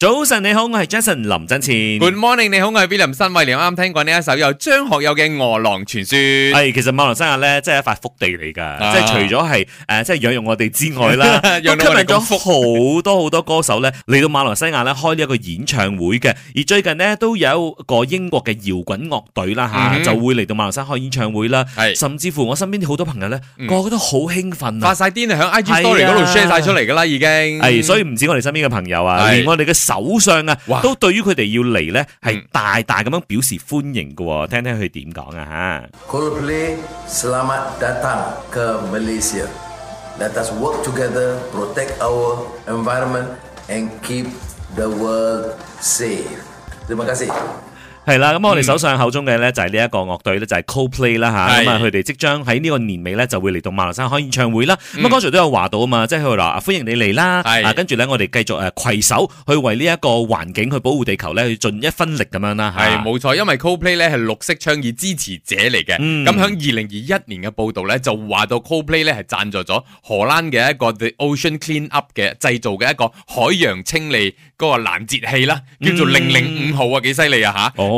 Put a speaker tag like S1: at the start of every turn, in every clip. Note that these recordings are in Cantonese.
S1: 早晨你好，我係 Jason 林振前。Good morning，你好，我係 William 林新偉。你啱啱聽過呢一首由張學友嘅《餓狼傳說》。係，其實馬來西亞咧，即係一塊福地嚟噶，即係除咗係誒，即係養育我哋之外啦，都吸引咗好多好多歌手咧嚟到馬來西亞咧開呢一個演唱會嘅。而最近咧都有個英國嘅搖滾樂隊啦吓，就會嚟到馬來西亞開演唱會啦。係，甚至乎我身邊好多朋友咧，個個都好興奮，發晒癲喺 IG Story 嗰度 share 晒出嚟噶啦，已經係。所以唔止我哋身邊嘅朋友啊，連我哋嘅。首相啊，都對於佢哋要嚟咧，係大大咁樣表示歡迎㗎喎。聽聽佢點講啊嚇。係啦，咁我哋手上口中嘅咧就係、是、呢一個樂隊咧就係、是、Coldplay 啦、啊、吓，咁啊佢哋即將喺呢個年尾咧就會嚟到馬來西亞開演唱會啦。咁啊、嗯、剛才都有話到啊嘛，即係佢話歡迎你嚟啦，跟住咧我哋繼續誒攜手去為呢一個環境去保護地球咧，去盡一分力咁樣啦嚇。係、啊、冇
S2: 錯，因為 Coldplay 咧係綠色倡議支持者嚟嘅。咁響二零二一年嘅報道咧就話到 Coldplay 咧係贊助咗荷蘭嘅一個 The Ocean Clean Up 嘅製造嘅一個海洋清理嗰個攔截器啦，叫做零零五號啊，幾犀利啊嚇！啊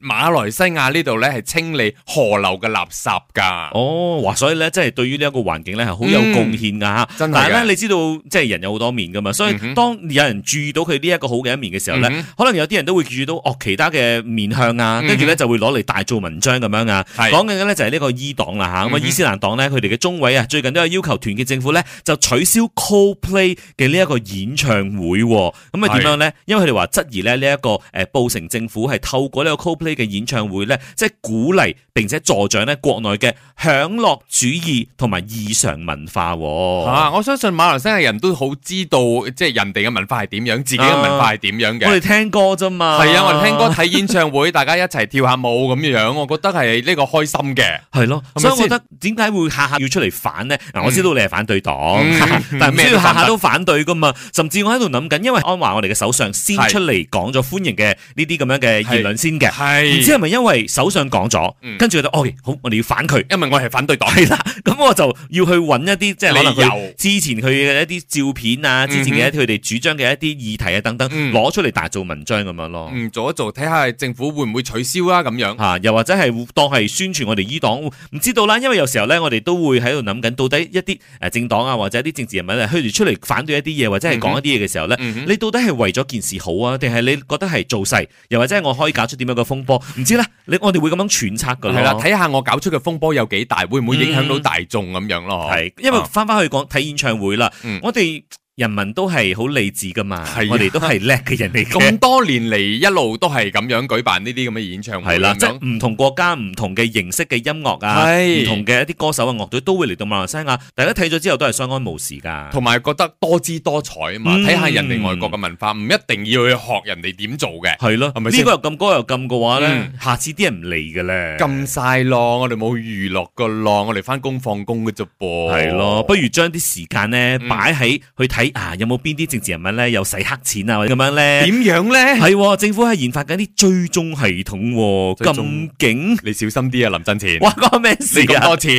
S2: 馬來西亞呢度
S1: 咧係清理河流嘅垃圾噶，哦，哇！所以咧，即係對於呢一個環境咧係好有貢獻噶吓，真係。但係咧，你知道即係人有好多面噶嘛，所以、嗯、哼當有人注意到佢呢一個好嘅一面嘅時候咧，嗯、哼可能有啲人都會注意到哦其他嘅面向啊，跟住咧就會攞嚟大做文章咁樣啊。講緊嘅咧就係呢個伊黨啦吓，咁啊伊斯蘭黨呢，佢哋嘅中委啊最近都有要求團結政府咧就取消 Coldplay 嘅呢一個演唱會，咁啊點樣咧？是因為佢哋話質疑咧呢一個誒布城政府係透過呢個 Coldplay。嘅演唱會咧，即係鼓勵並且助長咧國內嘅享樂主義同埋異常文化、哦。嚇、啊！
S2: 我相信馬來西亞人都好知道，即係人哋嘅文化係點樣，自己嘅文化係點樣嘅。我哋聽歌啫嘛，係啊！我哋聽歌睇、啊、演唱會， 大家一齊跳下舞咁樣，
S1: 我覺得係呢個開心嘅，係咯。是是所以我覺得點解會下下要出嚟反呢？嗱、嗯，我知道你係反對黨，嗯、但係唔知下下都反對噶嘛？嗯、甚至我喺度諗緊，因為安華我哋嘅首相先出嚟講咗歡迎嘅呢啲咁樣嘅議論先嘅。唔、哎、知係咪因為首相講咗，跟住咧，OK，好，我哋要反佢，因為我係反對黨啦，咁我就要去揾一啲即係可能由有之前佢嘅一啲照片啊，之前嘅一佢哋、嗯、哼主張嘅一啲議題啊等等，攞、嗯、出嚟大做文章咁樣咯。嗯，做一做睇下政府會唔會取消啊？咁樣吓、啊，又或者係當係宣傳我哋呢黨？唔知道啦，因為有時候咧，我哋都會喺度諗緊，到底一啲誒政黨啊，或者一啲政治人物咧，佢哋出嚟反對一啲嘢，或者係講一啲嘢嘅時候咧，你到底係為咗件事好啊，定係你覺得係造勢？又或者係我可以搞出點樣嘅風？唔知咧，你我哋會咁樣揣測噶，係啦，睇下我搞出嘅風波有幾大，會唔會影響到大眾咁、嗯、樣咯？係，因為返返去講睇演唱會啦，嗯、我哋。人民都係好理智噶嘛，我哋都係叻嘅人嚟嘅。咁多年嚟一路都係咁樣舉辦呢啲咁嘅演唱會，係啦，即係唔同國家、唔同嘅形式嘅音樂啊，唔同嘅一啲歌手啊、樂隊都會嚟到馬來西亞。大家睇咗之後都係相安無事㗎，同埋覺得多姿多彩啊嘛。睇下人哋外國嘅文化，唔一
S2: 定要去學人哋點做嘅。係咯，呢個又禁，嗰個又禁嘅話咧，下次啲人唔嚟㗎咧。
S1: 禁曬咯，我哋冇娛樂㗎咯，我哋翻工放工嘅啫噃。係咯，不如將啲時間咧擺喺去睇。啊，有冇邊啲政治人物咧又洗黑錢啊或者咁樣咧？點樣咧？係、哦、政府係研發緊啲追蹤系統、哦，咁勁蹤！你小心啲啊，林真前。哇，關、那、咩、個、事啊？咁多錢，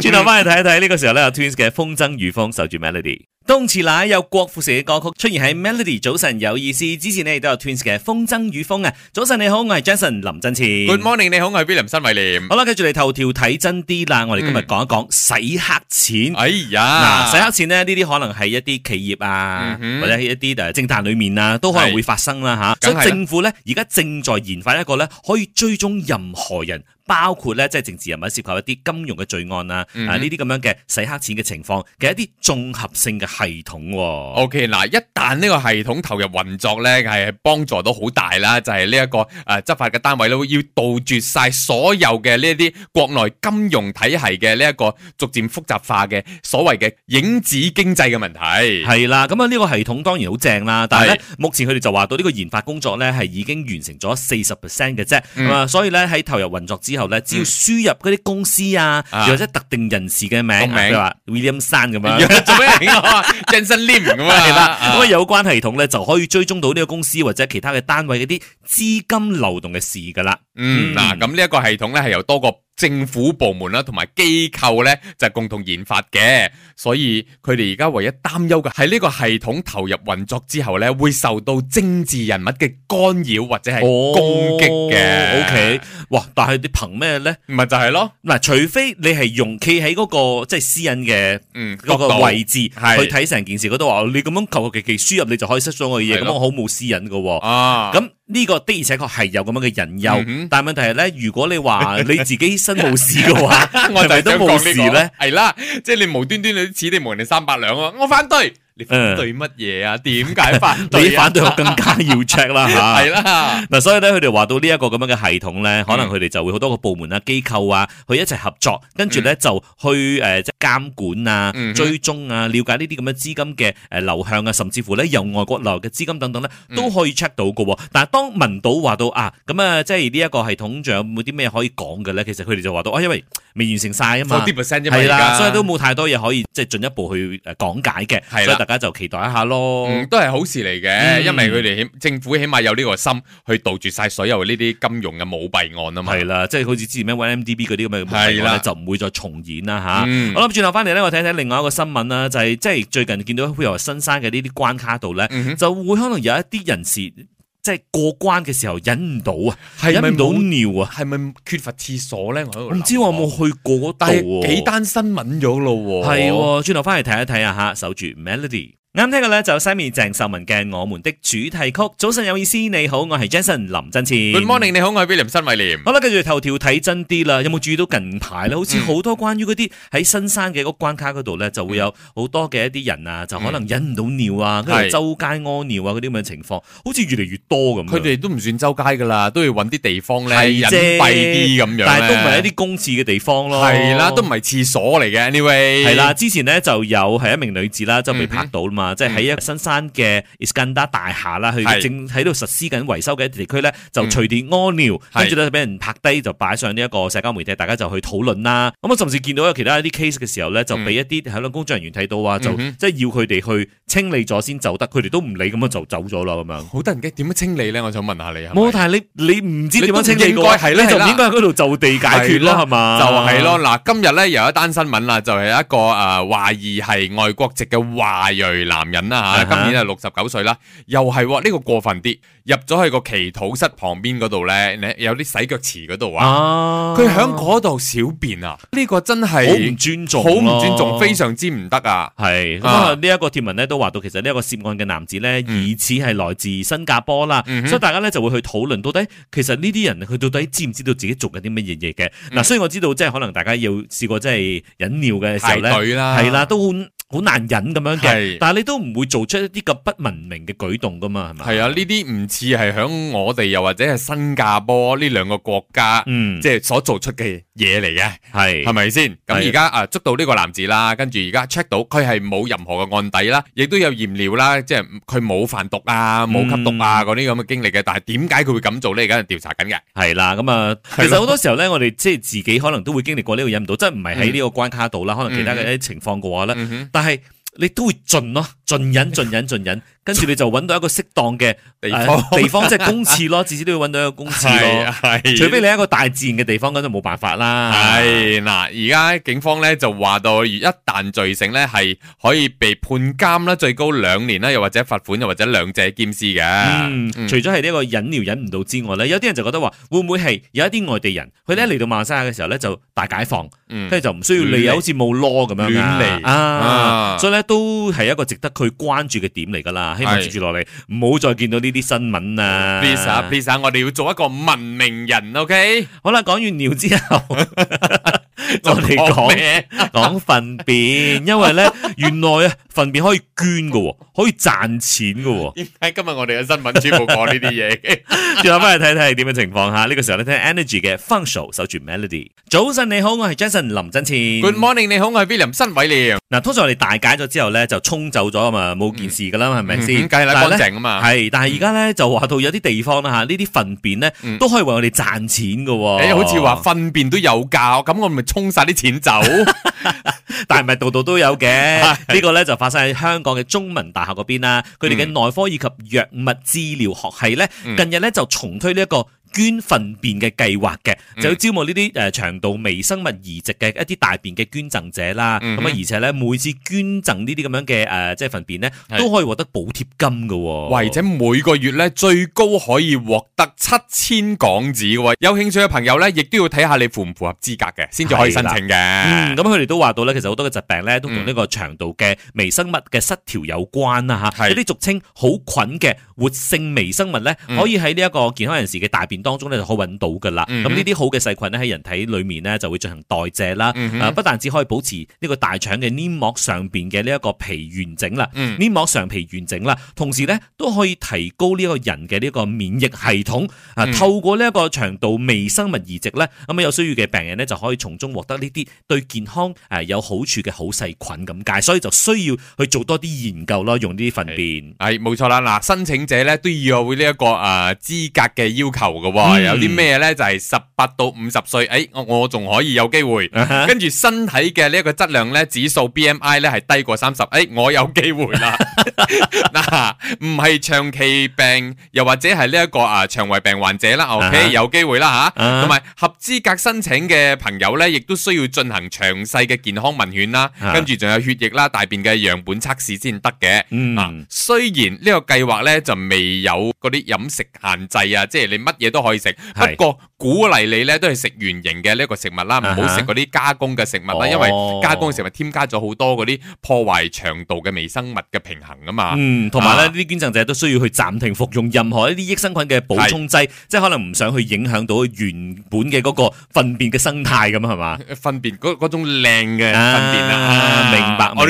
S1: 轉頭翻嚟睇一睇呢個時候咧，Twins 嘅風箏與風守住 Melody。東磁奶有郭富城嘅歌曲出現喺《Melody》早晨有意思，之前咧都有 Twins 嘅《風箏與風》啊！早晨你好，我係 Jason 林振詞。Good morning，你好，我係 Bill 林新偉廉。好啦，跟住嚟，頭條睇真啲啦！我哋今日講一講洗黑錢。嗯、哎呀，洗黑錢咧呢啲可能係一啲企業啊，嗯、哼或者係一啲誒政壇裏面啊，都可能會發生啦、啊、吓。咁政府咧而家正在研發一個咧可以追蹤任何人。包括咧，即係政治人物涉及一啲金融嘅罪案啊，啊呢啲咁樣嘅洗黑錢嘅情況，其實一啲綜合性嘅系統，O.K. 嗱，一旦呢個系統投入運作
S2: 咧，係幫助到好大啦，就係呢一個誒執法嘅單位咧要杜絕晒所有嘅呢一啲國內金融體系嘅呢一個逐漸複雜化嘅所謂
S1: 嘅影子經濟嘅問題，係啦，咁啊呢個系統當然好正啦，但係咧是目前佢哋就話到呢個研發工作咧係已經完成咗四十 percent 嘅啫，咁啊，所以咧喺投入運作之。嗯之後咧，只要輸入嗰啲公司啊，啊或者特定人士嘅名，名，譬如話 William 山咁 這樣，
S2: 做咩名啊？Johnson Lim 咁啊，咁啊，
S1: 有關系統咧就可以追蹤到呢個公司或者其他嘅單位嗰啲資金流動嘅事噶啦。嗯嗱，咁呢一個系
S2: 統咧係由多個政府部門啦，同埋機構咧就共同研發嘅，所以佢哋而家唯一擔憂嘅係呢個系統投入運作之後咧，會受到
S1: 政治人物嘅干擾或者係攻擊嘅。哦、o、okay、K，哇！但係你憑咩咧？咪就係咯，嗱，除非你係用企喺嗰個即係、就是、私隱嘅嗰個位置、嗯、去睇成件事嗰度話，是你咁樣求求其其輸入，你就可以失咗我嘅嘢，咁的我好冇私隱噶。啊，咁呢個的而且確係有咁樣嘅隱憂。嗯但係問題係，如果你話你自己身冇事嘅話， 我哋是都冇事咧。係、這個、即係你無端端你
S2: 似你訛人哋三百兩咯，我反對。反對乜嘢啊？點解反對？你反對我更
S1: 加要 check 啦吓，係啦嗱，所以咧，佢哋話到呢一個咁樣嘅系統咧，可能佢哋就會好多個部門啊、機構啊，去一齊合作，跟住咧就去誒即係監管啊、追蹤啊、了解呢啲咁嘅資金嘅誒流向啊，甚至乎咧由外國流入嘅資金等等咧，都可以 check 到嘅。但係當問到話到啊，咁啊，即係呢一個系統仲有冇啲咩可以講嘅咧？其實佢哋就話到，啊因為。未完成晒啊嘛，係啦，所以都冇太多嘢，可以即係進一步去誒講解嘅，對了 所以大家就期待一下咯，嗯。都係好事嚟嘅，嗯、因為佢哋
S2: 政府起碼有呢個心去杜絕晒所有呢啲金融嘅舞弊案啊嘛。係啦，即係好
S1: 似之前咩 1MDB 嗰啲咁嘅舞弊案對了 就唔會再重演啦吓。我諗轉頭翻嚟咧，我睇睇另外一個新聞啦，就係即係最近見到譬如話新山嘅呢啲關卡度咧，嗯、哼 就會可能有一啲人士。即係過關嘅時候忍唔到啊，忍唔到尿啊，係咪缺乏廁所咧？唔知我有冇去
S2: 過嗰度？但係幾單新
S1: 聞咗咯，係、哦，轉頭翻嚟睇一睇啊吓，守住 Melody。啱聽嘅咧就 Sammy 鄭秀文嘅我們的主題曲早晨有意思你好我係 Jason 林振前 Good morning 你好我係 William 新偉廉好啦跟住頭條睇真啲啦有冇注意到近排咧好似好多關於嗰啲喺新山嘅一個關卡嗰度咧就會有好多嘅一啲人啊就可能忍唔到尿啊跟住周街屙尿啊嗰啲咁嘅情況是好似越嚟越多咁佢哋都唔算周街噶啦都要揾啲地方咧隱的蔽啲咁樣但係都唔係一啲公廁嘅地方咯係啦都唔係廁所嚟嘅 Anyway 係啦之前咧就有係一名女子啦就俾拍到啦嘛。嗯即係喺一新山嘅 Iskandar 大廈啦，佢正喺度實施緊維修嘅一啲地區咧，就隨地屙尿，跟住咧俾人拍低，就擺上呢一個社交媒體，大家就去討論啦。咁我甚至見到有其他一啲 case 嘅時候咧，就俾一啲係咯工作人員睇到啊，就即係要佢哋去清理咗先走得，佢哋都唔理咁樣就走咗啦咁樣。好得人驚，點樣清理咧？我想問下你。啊。冇，但係你你唔知點樣清理嘅，應該係啦，你唔應該喺嗰度就地解決啦，係嘛？就係咯，嗱，
S2: 今日咧有一單新聞啦，就係一個誒懷疑係外國籍嘅華裔。男人啦、啊、吓，今年係六十九歲啦，又係呢、哦這個過分啲，入咗去個祈禱室旁邊嗰度咧，有啲洗腳池嗰度啊，佢喺嗰度
S1: 小便啊，呢、
S2: 這個真係好唔尊重、啊，好唔尊重，非
S1: 常之唔得啊！係咁是啊，呢一個帖文咧都話到，其實呢一個涉案嘅男子咧疑似係來自新加坡啦，嗯、哼所以大家咧就會去討論到底，其實呢啲人佢到底知唔知道自己做緊啲乜嘢嘢嘅？嗱、嗯，雖然我知道，即係可能大家要試過即係忍尿嘅時候咧，係啦，都。好難忍咁樣嘅，但係你都唔會做出一啲咁不文明嘅舉動㗎嘛，係咪？係啊，
S2: 呢啲唔似係響我哋又或者係新加坡呢兩個國家，嗯，即係所做出嘅嘢嚟嘅，係係咪先？咁而家啊捉到呢個男子啦，跟住而家 check 到佢係冇任何嘅案底啦，亦都有驗尿啦，即係佢冇販毒啊、冇吸毒
S1: 啊嗰啲咁嘅經歷嘅，但係點解佢會咁做咧？而家係調查緊嘅。係啦，咁啊，其實好多時候咧，我哋即係自己可能都會經歷過呢個忍唔到，即係唔係喺呢個關卡度啦，可能其他嘅一啲情況嘅話咧，但係。係你都會盡咯，盡忍，盡忍，盡忍，盡忍。跟住你就揾到一個適當嘅地方，地方即係公廁咯，至少都要揾到一個公廁，除非你一個大自然嘅地方，咁就冇辦法
S2: 啦。係嗱，而家警方咧就話到，一旦罪成咧係可以被判監啦，最高兩年啦，又或者罰款，又或者兩者兼施嘅。
S1: 除咗係呢個忍尿忍唔到之外咧，有啲人就覺得話會唔會係有一啲外地人，佢咧嚟到馬西亞嘅時候咧就大解放，跟住就唔需要理，好似冇囉咁樣亂嚟，所以咧都係一個值得佢關注嘅點嚟噶啦。希望接住落嚟，唔好再見到呢啲新聞啊 Pizza Pizza 我哋要做一
S2: 個文明人，OK？好啦，講完尿
S1: 之後。 我哋講講糞便，因為咧原來啊糞便可以捐噶，可以賺錢噶。點
S2: 解今日我哋嘅新聞主播講呢啲
S1: 嘢？轉頭翻嚟睇睇係點嘅情況吓。呢個時候咧聽 Energy 嘅 Fun Show 守住 Melody。早晨你好，我係 Jason 林振前。Good morning 你好，我係 William 申偉烈。嗱，通常我哋大解咗之後咧就沖走咗啊嘛，冇件事噶啦，係咪先？點解咧乾淨啊嘛？係，但係而家咧就話到有啲地方啦吓，呢啲糞便咧都可以為我哋賺錢噶。誒，好似話糞便都有價，咁我咪沖。封晒啲錢走， 但係咪度度都有嘅？呢 個咧就發生喺香港嘅中文大學嗰邊啦。佢哋嘅內科以及藥物治療學系咧，近日咧就重推呢、這、一個。捐糞便嘅計劃嘅，就要招募呢啲誒腸道微生物移植嘅一啲大便嘅捐贈者啦。咁啊、嗯哼，而且咧每次捐贈呢啲咁樣嘅誒即係糞便咧，都、呃就是、可以獲得補貼金嘅、哦，或者
S2: 每個月咧最高可以獲得七千港紙喎。有興趣嘅朋友咧，亦都要睇下
S1: 你符唔符合資格嘅，先至可以申請嘅。咁佢哋都話到咧，其實好多嘅疾病咧都同呢個腸道嘅微生物嘅失調有關啦嚇。啲、嗯、俗稱好菌嘅活性微生物咧，可以喺呢一個健康人士嘅大便，當中咧就可以揾到噶啦，咁呢啲好嘅細菌咧喺人體裏面咧就會進行代謝啦，啊、嗯、哼不但只可以保持呢個大腸嘅黏膜上邊嘅呢一個皮完整啦，嗯、黏膜上皮完整啦，同時咧都可以提高呢一個人嘅呢個免疫系統啊。嗯、透過呢一個腸道微生物移植咧，咁有需要嘅病人咧就可以從中獲得呢啲對健康誒有好處嘅好細菌咁解，所以就需要去做多啲研究咯，用呢啲糞便係冇錯啦。嗱，申請者咧都
S2: 要有呢一個誒資格嘅要求有啲咩呢？就係十八到五十歲，誒、哎，我仲可以有機會，uh huh. 跟住身體嘅呢一個質量呢，指數 B M I 呢係低過三十，誒，我有機會啦，嗱，唔係長期病，又或者係呢一個啊腸胃病患者啦，O K，有機會啦吓，同、啊、埋、uh huh. 合資格申請嘅朋友呢，亦都需要進行詳細嘅健康問卷啦，uh huh. 跟住仲有血液啦、大便嘅樣本測試先得嘅，啊、uh，huh. 雖然呢個計劃呢，就未有嗰啲飲食限制啊，即係你乜嘢都。可以食，不過鼓勵你咧都係食圓形嘅呢一個食物啦，唔好食嗰啲加工嘅食物啦，因為加工嘅食物添加咗好多嗰啲破壞腸道嘅微生物嘅平衡啊
S1: 嘛。同埋咧呢啲捐贈者都需要去暫停服用任何一啲益生菌嘅補充劑，即係可能唔想去影響到原本嘅嗰個糞便嘅生態咁係嘛？
S2: 糞便嗰嗰種靚嘅糞便啊，明白明白。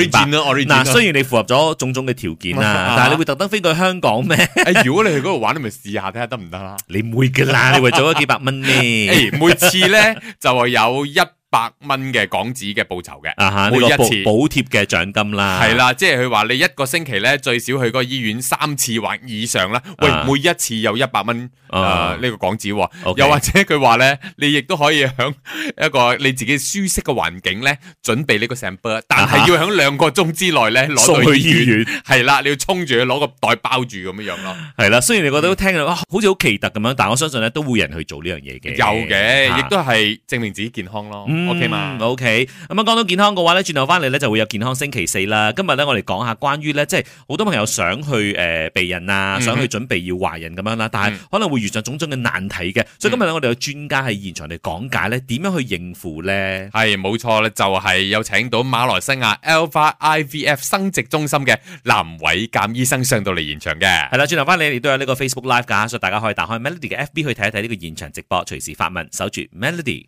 S2: 嗱，雖然
S1: 你符合咗種種嘅條件啦，但係你
S2: 會特登飛到香港咩？如果你去嗰度玩，你咪試下睇下得唔得啦？你唔會嘅。嗱，你為做咗幾百蚊呢？誒，每次咧 就話有一百蚊嘅港紙嘅報酬嘅，每一次補
S1: 貼嘅獎金啦，係啦，
S2: 即係佢話你一個星期咧最少去嗰個醫院三次或以上啦，喂，每一次有一百蚊啊，呢個港紙，又或者佢話呢，你亦都可以響一個你自己舒適嘅環境呢準備呢個 sample，但係要響兩個鐘
S1: 之內呢攞到醫院，
S2: 係啦，你要衝住去攞個袋包住咁樣樣咯，
S1: 係啦，雖然你覺得聽啊好似好奇特咁樣，但我相信呢都會有人去做呢樣嘢嘅，有嘅，亦都係證明自己健康咯。O K 嘛，O K。咁啊 Okay、嗯，講、okay、到健康嘅話咧，轉頭翻嚟咧就會有健康星期四啦。今日咧，我哋講下關於咧，即係好多朋友想去誒避孕啊，想去準備要懷孕咁樣啦，嗯、哼但係可能會遇上種種嘅難題嘅。所以今日咧，我哋有專家喺現場嚟講解咧，點樣去應付咧？係，冇錯啦，就係、是、有請到馬來西亞 Alpha IVF 生殖中心嘅藍偉鑒醫生上到嚟現場嘅。係啦，轉頭翻嚟，亦都有呢個 Facebook Live 噶，所以大家可以打開 Melody 嘅 F B 去睇一睇呢個現場直播，隨時發問，守住 Melody。